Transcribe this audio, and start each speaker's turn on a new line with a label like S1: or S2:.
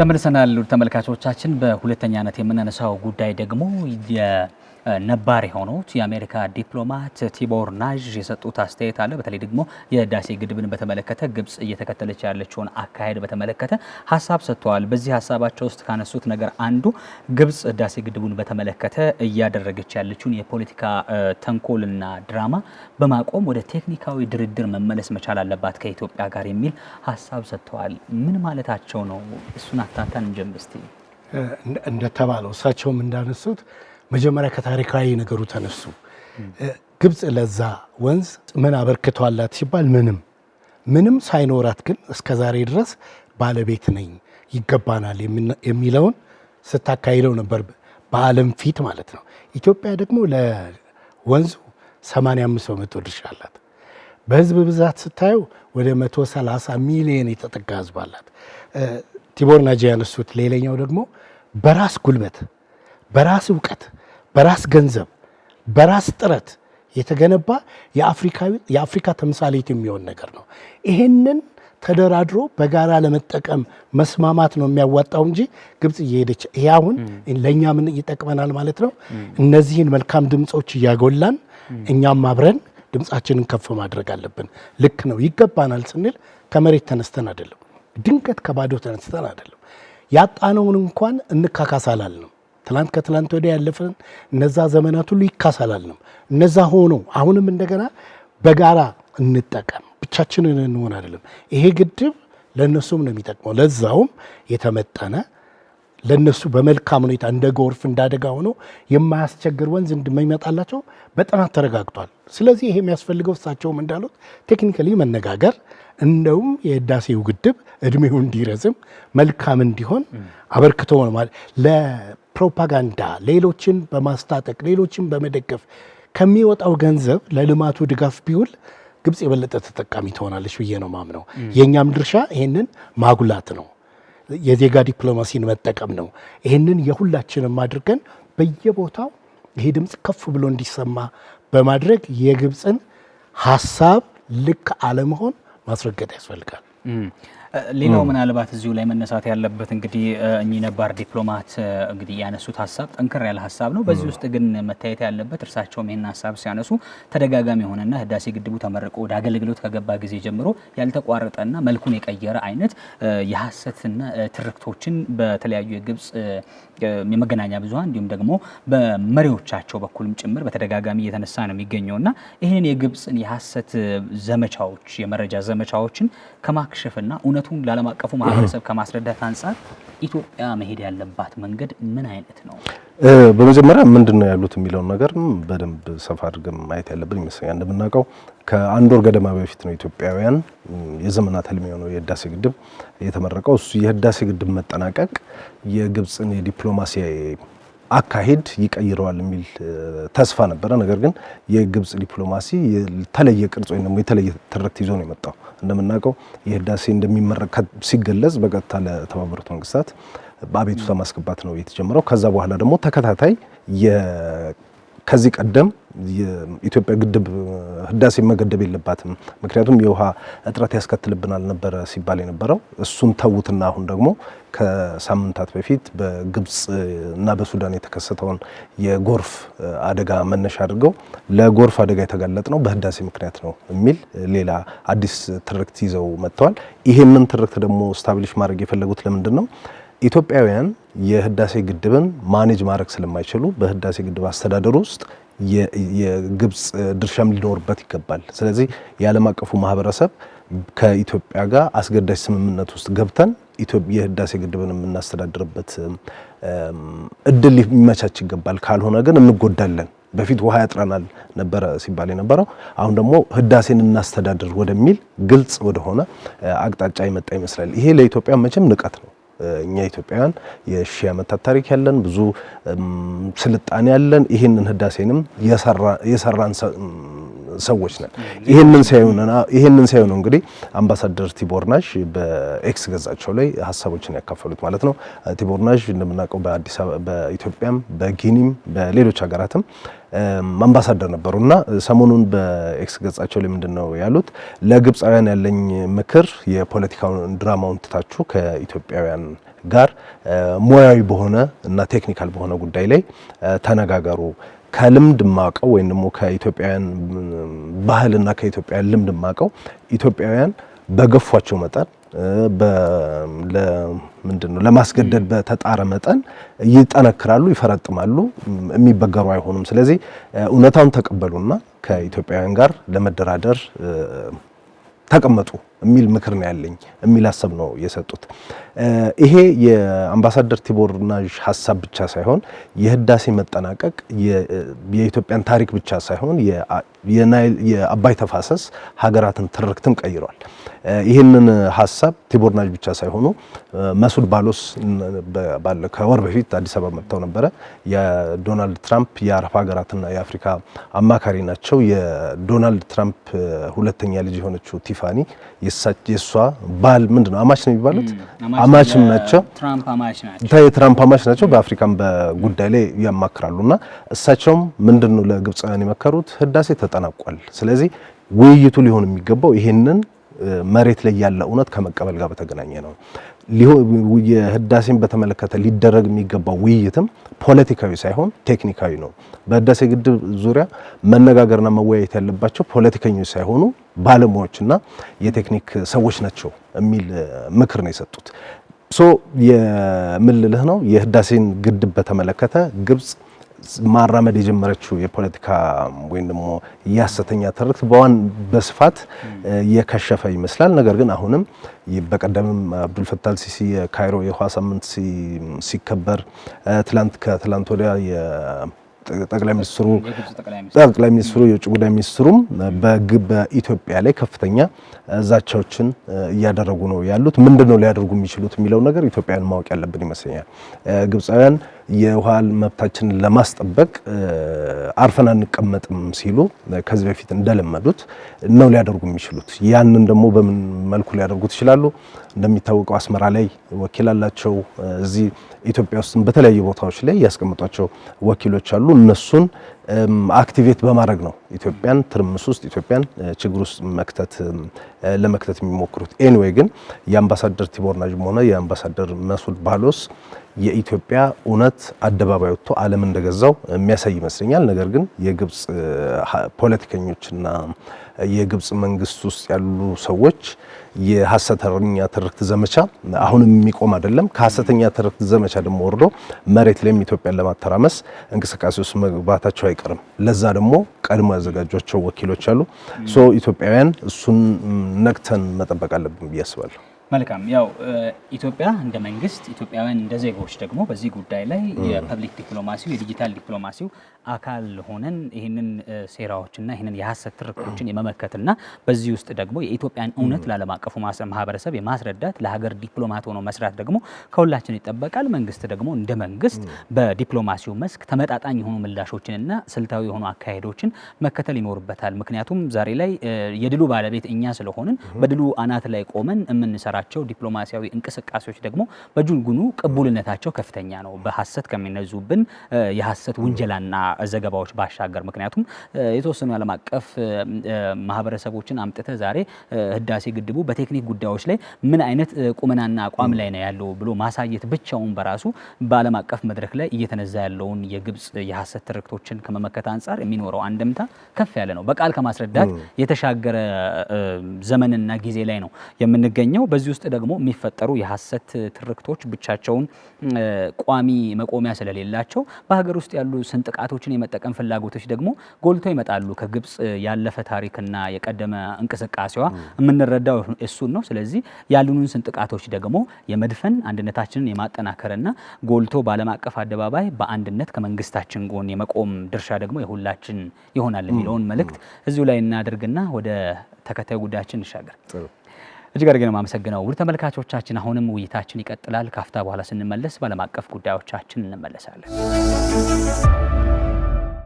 S1: ተመልሰናል ተመልካቾቻችን። በሁለተኛነት የምናነሳው ጉዳይ ደግሞ ነባር የሆኑት የአሜሪካ ዲፕሎማት ቲቦር ናዥ የሰጡት አስተያየት አለ። በተለይ ደግሞ የህዳሴ ግድብን በተመለከተ ግብጽ እየተከተለች ያለችውን አካሄድ በተመለከተ ሀሳብ ሰጥተዋል። በዚህ ሀሳባቸው ውስጥ ካነሱት ነገር አንዱ ግብጽ ህዳሴ ግድቡን በተመለከተ እያደረገች ያለችውን የፖለቲካ ተንኮልና ድራማ በማቆም ወደ ቴክኒካዊ ድርድር መመለስ መቻል አለባት ከኢትዮጵያ ጋር የሚል ሀሳብ ሰጥተዋል። ምን ማለታቸው ነው? እሱን አታታን እንጀምስቲ
S2: እንደተባለው እሳቸውም እንዳነሱት መጀመሪያ ከታሪካዊ ነገሩ ተነሱ። ግብፅ ለዛ ወንዝ ምን አበርክቷላት ሲባል ምንም ምንም ሳይኖራት ግን እስከ ዛሬ ድረስ ባለቤት ነኝ ይገባናል የሚለውን ስታካሂደው ነበር፣ በዓለም ፊት ማለት ነው። ኢትዮጵያ ደግሞ ለወንዙ 85 በመቶ ድርሻ አላት። በህዝብ ብዛት ስታየው ወደ 130 ሚሊዮን የተጠጋ ህዝብ አላት። ቲቦር ናጂ ያነሱት ሌላኛው ደግሞ በራስ ጉልበት በራስ እውቀት በራስ ገንዘብ በራስ ጥረት የተገነባ የአፍሪካ ተምሳሌት የሚሆን ነገር ነው። ይሄንን ተደራድሮ በጋራ ለመጠቀም መስማማት ነው የሚያዋጣው እንጂ ግብጽ እየሄደች ይሄ አሁን ለእኛ ምን ይጠቅመናል ማለት ነው። እነዚህን መልካም ድምፆች እያጎላን እኛም አብረን ድምፃችንን ከፍ ማድረግ አለብን። ልክ ነው ይገባናል ስንል ከመሬት ተነስተን አይደለም፣ ድንገት ከባዶ ተነስተን አይደለም። ያጣነውን እንኳን እንካካሳላል ነው ትላንት ከትላንት ወዲያ ያለፈን እነዛ ዘመናት ሁሉ ይካሳላል ነው። እነዛ ሆኖ አሁንም እንደገና በጋራ እንጠቀም፣ ብቻችንን እንሆን አይደለም። ይሄ ግድብ ለእነሱም ነው የሚጠቅመው። ለዛውም የተመጠነ ለእነሱ በመልካም ሁኔታ እንደ ጎርፍ እንዳደጋ ሆኖ የማያስቸግር ወንዝ እንደሚመጣላቸው በጥናት ተረጋግቷል። ስለዚህ ይሄ የሚያስፈልገው እሳቸውም እንዳሉት ቴክኒካሊ መነጋገር እንደውም የህዳሴው ግድብ እድሜው እንዲረዝም መልካም እንዲሆን አበርክቶ ነው ማለት ፕሮፓጋንዳ፣ ሌሎችን በማስታጠቅ ሌሎችን በመደገፍ ከሚወጣው ገንዘብ ለልማቱ ድጋፍ ቢውል ግብጽ የበለጠ ተጠቃሚ ትሆናለች ብዬ ነው ማምነው። የእኛም ድርሻ ይህንን ማጉላት ነው፣ የዜጋ ዲፕሎማሲን መጠቀም ነው። ይህንን የሁላችንም አድርገን በየቦታው ይሄ ድምፅ ከፍ ብሎ እንዲሰማ በማድረግ የግብፅን ሀሳብ ልክ አለመሆን ማስረገጥ ያስፈልጋል።
S1: ሌላው ምናልባት እዚሁ ላይ መነሳት ያለበት እንግዲህ እኚህ ነባር ዲፕሎማት እንግዲህ ያነሱት ሀሳብ ጠንከር ያለ ሀሳብ ነው። በዚህ ውስጥ ግን መታየት ያለበት እርሳቸውም ይህን ሀሳብ ሲያነሱ ተደጋጋሚ የሆነና ህዳሴ ግድቡ ተመርቆ ወደ አገልግሎት ከገባ ጊዜ ጀምሮ ያልተቋረጠና መልኩን የቀየረ አይነት የሀሰትና ትርክቶችን በተለያዩ የግብጽ የመገናኛ ብዙሀን እንዲሁም ደግሞ በመሪዎቻቸው በኩልም ጭምር በተደጋጋሚ እየተነሳ ነው የሚገኘውና ይህንን የግብጽን የሀሰት ዘመቻዎች የመረጃ ዘመቻዎችን ከማክሸፍና እውነቱን ለዓለም አቀፉ ማህበረሰብ ከማስረዳት አንጻር ኢትዮጵያ መሄድ ያለባት መንገድ ምን አይነት ነው?
S2: በመጀመሪያ ምንድን ነው ያሉት የሚለውን ነገር በደንብ ሰፋ አድርገን ማየት ያለብን ይመስለኛል። እንደምናውቀው ከአንድ ወር ገደማ በፊት ነው ኢትዮጵያውያን የዘመናት ህልም የሆነው የህዳሴ ግድብ የተመረቀው። እሱ የህዳሴ ግድብ መጠናቀቅ የግብፅን የዲፕሎማሲ አካሄድ ይቀይረዋል የሚል ተስፋ ነበረ። ነገር ግን የግብጽ ዲፕሎማሲ የተለየ ቅርጽ ወይም ደግሞ የተለየ ትርክት ይዞ ነው የመጣው። እንደምናውቀው የህዳሴ እንደሚመረቅ ሲገለጽ በቀጥታ ለተባበሩት መንግስታት በአቤቱታ ማስገባት ነው የተጀመረው። ከዛ በኋላ ደግሞ ተከታታይ ከዚህ ቀደም የኢትዮጵያ ግድብ ህዳሴ መገደብ የለባትም ምክንያቱም የውሃ እጥረት ያስከትልብናል ነበረ ሲባል የነበረው እሱን ተዉትና አሁን ደግሞ ከሳምንታት በፊት በግብፅ እና በሱዳን የተከሰተውን የጎርፍ አደጋ መነሻ አድርገው ለጎርፍ አደጋ የተጋለጥ ነው በህዳሴ ምክንያት ነው የሚል ሌላ አዲስ ትርክት ይዘው መጥተዋል። ይሄንን ትርክት ደግሞ ስታብሊሽ ማድረግ የፈለጉት ለምንድን ነው? ኢትዮጵያውያን የህዳሴ ግድብን ማኔጅ ማድረግ ስለማይችሉ በህዳሴ ግድብ አስተዳደር ውስጥ የግብፅ ድርሻም ሊኖርበት ይገባል። ስለዚህ የዓለም አቀፉ ማህበረሰብ ከኢትዮጵያ ጋር አስገዳጅ ስምምነት ውስጥ ገብተን የህዳሴ ግድብን የምናስተዳድርበት እድል ሊመቻች ይገባል። ካልሆነ ግን እንጎዳለን። በፊት ውሃ ያጥረናል ነበረ ሲባል የነበረው አሁን ደግሞ ህዳሴን እናስተዳድር ወደሚል ግልጽ ወደሆነ አቅጣጫ ይመጣ ይመስላል። ይሄ ለኢትዮጵያ መቼም ንቀት ነው። እኛ ኢትዮጵያውያን የሺ ዓመታት ታሪክ ያለን ብዙ ስልጣኔ ያለን ይህንን ህዳሴንም የሰራን ሰዎች ነን። ይህንን ሲያዩ እንግዲህ አምባሳደር ቲቦርናሽ በኤክስ ገጻቸው ላይ ሀሳቦችን ያካፈሉት ማለት ነው። ቲቦርናሽ እንደምናውቀው በአዲስ አበባ በኢትዮጵያም በጊኒም በሌሎች ሀገራትም አምባሳደር ነበሩ እና ሰሞኑን በኤክስ ገጻቸው ላይ ምንድን ነው ያሉት? ለግብፃውያን ያለኝ ምክር የፖለቲካውን ድራማውን ትታችሁ ከኢትዮጵያውያን ጋር ሙያዊ በሆነ እና ቴክኒካል በሆነ ጉዳይ ላይ ተነጋገሩ። ከልምድ ማቀው ወይም ደግሞ ከኢትዮጵያውያን ባህልና ከኢትዮጵያውያን ልምድ ማቀው ኢትዮጵያውያን በገፏቸው መጠን ምንድን ነው ለማስገደድ በተጣረ መጠን ይጠነክራሉ፣ ይፈረጥማሉ፣ የሚበገሩ አይሆኑም። ስለዚህ እውነታውን ተቀበሉና ከኢትዮጵያውያን ጋር ለመደራደር ተቀመጡ የሚል ምክር ነው ያለኝ የሚል ሀሳብ ነው የሰጡት። ይሄ የአምባሳደር ቲቦር ናዥ ሀሳብ ብቻ ሳይሆን የህዳሴ መጠናቀቅ የኢትዮጵያን ታሪክ ብቻ ሳይሆን የአባይ ተፋሰስ ሀገራትን ትርክትም ቀይሯል። ይህንን ሀሳብ ቲቦር ናዥ ብቻ ሳይሆኑ መሱድ ባሎስ ከወር በፊት አዲስ አበባ መጥተው ነበረ። የዶናልድ ትራምፕ የአረብ ሀገራትና የአፍሪካ አማካሪ ናቸው። የዶናልድ ትራምፕ ሁለተኛ ልጅ የሆነችው ቲፋኒ የእሷ ባል ምንድን ነው አማች ነው የሚባሉት አማችም ናቸው፣ የትራምፕ አማች ናቸው። በአፍሪካም በጉዳይ ላይ ያማክራሉ እና እሳቸውም ምንድን ነው ለግብፃውያን የመከሩት ህዳሴ ተጠናቋል። ስለዚህ ውይይቱ ሊሆን የሚገባው ይሄንን መሬት ላይ ያለ እውነት ከመቀበል ጋር በተገናኘ ነው። የህዳሴን በተመለከተ ሊደረግ የሚገባው ውይይትም ፖለቲካዊ ሳይሆን ቴክኒካዊ ነው። በህዳሴ ግድብ ዙሪያ መነጋገርና መወያየት ያለባቸው ፖለቲከኞች ሳይሆኑ ባለሙያዎችና የቴክኒክ ሰዎች ናቸው የሚል ምክር ነው የሰጡት። ሶ የምልልህ ነው የህዳሴን ግድብ በተመለከተ ግብጽ ማራመድ የጀመረችው የፖለቲካ ወይም ደግሞ የሀሰተኛ ትርክት በዋን በስፋት የከሸፈ ይመስላል። ነገር ግን አሁንም በቀደምም አብዱልፈታል ሲሲ የካይሮ የውሃ ሳምንት ሲከበር ትላንት ከትላንት ወዲያ ጠቅላይ ሚኒስትሩ ጠቅላይ ሚኒስትሩ የውጭ ጉዳይ ሚኒስትሩም በኢትዮጵያ ላይ ከፍተኛ ዛቻዎችን እያደረጉ ነው ያሉት። ምንድን ነው ሊያደርጉ የሚችሉት የሚለው ነገር ኢትዮጵያን ማወቅ ያለብን ይመስለኛል። ግብፃውያን የውሃ መብታችንን ለማስጠበቅ አርፈን አንቀመጥም ሲሉ ከዚህ በፊት እንደለመዱት ነው ሊያደርጉ የሚችሉት። ያንን ደግሞ በምን መልኩ ሊያደርጉት ይችላሉ? እንደሚታወቀው አስመራ ላይ ወኪል አላቸው። እዚህ ኢትዮጵያ ውስጥ በተለያዩ ቦታዎች ላይ ያስቀምጧቸው ወኪሎች አሉ። እነሱን አክቲቬት በማድረግ ነው ኢትዮጵያን ትርምስ ውስጥ ኢትዮጵያን ችግር ውስጥ መክተት ለመክተት የሚሞክሩት። ኤኒዌይ ግን የአምባሳደር ቲቦር ናጅም ሆነ የአምባሳደር መሱድ ባሎስ የኢትዮጵያ እውነት አደባባይ ወጥቶ ዓለም እንደገዛው የሚያሳይ ይመስለኛል። ነገር ግን የግብፅ ፖለቲከኞችና የግብጽ መንግስት ውስጥ ያሉ ሰዎች የሐሰተኛ ትርክት ዘመቻ አሁንም የሚቆም አይደለም። ከሐሰተኛ ትርክት ዘመቻ ደግሞ ወርዶ መሬት ላይም ኢትዮጵያን ለማተራመስ እንቅስቃሴ ውስጥ መግባታቸው አይቀርም። ለዛ ደግሞ ቀድሞ ያዘጋጇቸው ወኪሎች አሉ። ሶ ኢትዮጵያውያን እሱን ነቅተን መጠበቅ አለብን ብዬ አስባለሁ።
S1: መልካም ያው ኢትዮጵያ እንደ መንግስት ኢትዮጵያውያን እንደ ዜጎች ደግሞ በዚህ ጉዳይ ላይ የፐብሊክ ዲፕሎማሲው የዲጂታል ዲፕሎማሲው አካል ሆነን ይህንን ሴራዎችና ይህንን የሀሰት ትርክቶችን የመመከትና በዚህ ውስጥ ደግሞ የኢትዮጵያን እውነት ለዓለም አቀፉ ማህበረሰብ የማስረዳት ለሀገር ዲፕሎማት ሆኖ መስራት ደግሞ ከሁላችን ይጠበቃል። መንግስት ደግሞ እንደ መንግስት በዲፕሎማሲው መስክ ተመጣጣኝ የሆኑ ምላሾችንና ስልታዊ የሆኑ አካሄዶችን መከተል ይኖርበታል። ምክንያቱም ዛሬ ላይ የድሉ ባለቤት እኛ ስለሆንን በድሉ አናት ላይ ቆመን የምንሰራ የጀመራቸው ዲፕሎማሲያዊ እንቅስቃሴዎች ደግሞ በእጅጉኑ ቅቡልነታቸው ከፍተኛ ነው፣ በሀሰት ከሚነዙብን የሀሰት ውንጀላና ዘገባዎች ባሻገር። ምክንያቱም የተወሰኑ ዓለም አቀፍ ማህበረሰቦችን አምጥተ ዛሬ ህዳሴ ግድቡ በቴክኒክ ጉዳዮች ላይ ምን አይነት ቁመናና አቋም ላይ ነው ያለው ብሎ ማሳየት ብቻውን በራሱ በዓለም አቀፍ መድረክ ላይ እየተነዛ ያለውን የግብፅ የሀሰት ትርክቶችን ከመመከት አንጻር የሚኖረው አንድምታ ከፍ ያለ ነው። በቃል ከማስረዳት የተሻገረ ዘመንና ጊዜ ላይ ነው የምንገኘው። በዚ በዚህ ውስጥ ደግሞ የሚፈጠሩ የሀሰት ትርክቶች ብቻቸውን ቋሚ መቆሚያ ስለሌላቸው በሀገር ውስጥ ያሉ ስንጥቃቶችን የመጠቀም ፍላጎቶች ደግሞ ጎልቶ ይመጣሉ። ከግብፅ ያለፈ ታሪክና የቀደመ እንቅስቃሴዋ የምንረዳው እሱን ነው። ስለዚህ ያሉንን ስንጥቃቶች ደግሞ የመድፈን አንድነታችንን የማጠናከርና ጎልቶ በዓለም አቀፍ አደባባይ በአንድነት ከመንግስታችን ጎን የመቆም ድርሻ ደግሞ የሁላችን ይሆናል የሚለውን መልእክት እዚሁ ላይ እናድርግና ወደ ተከታዩ ጉዳያችን እንሻገር። እጅግ አድርጌ ነው የማመሰግነው። ውድ ተመልካቾቻችን አሁንም ውይይታችን ይቀጥላል። ካፍታ በኋላ ስንመለስ በዓለም አቀፍ ጉዳዮቻችን እንመለሳለን።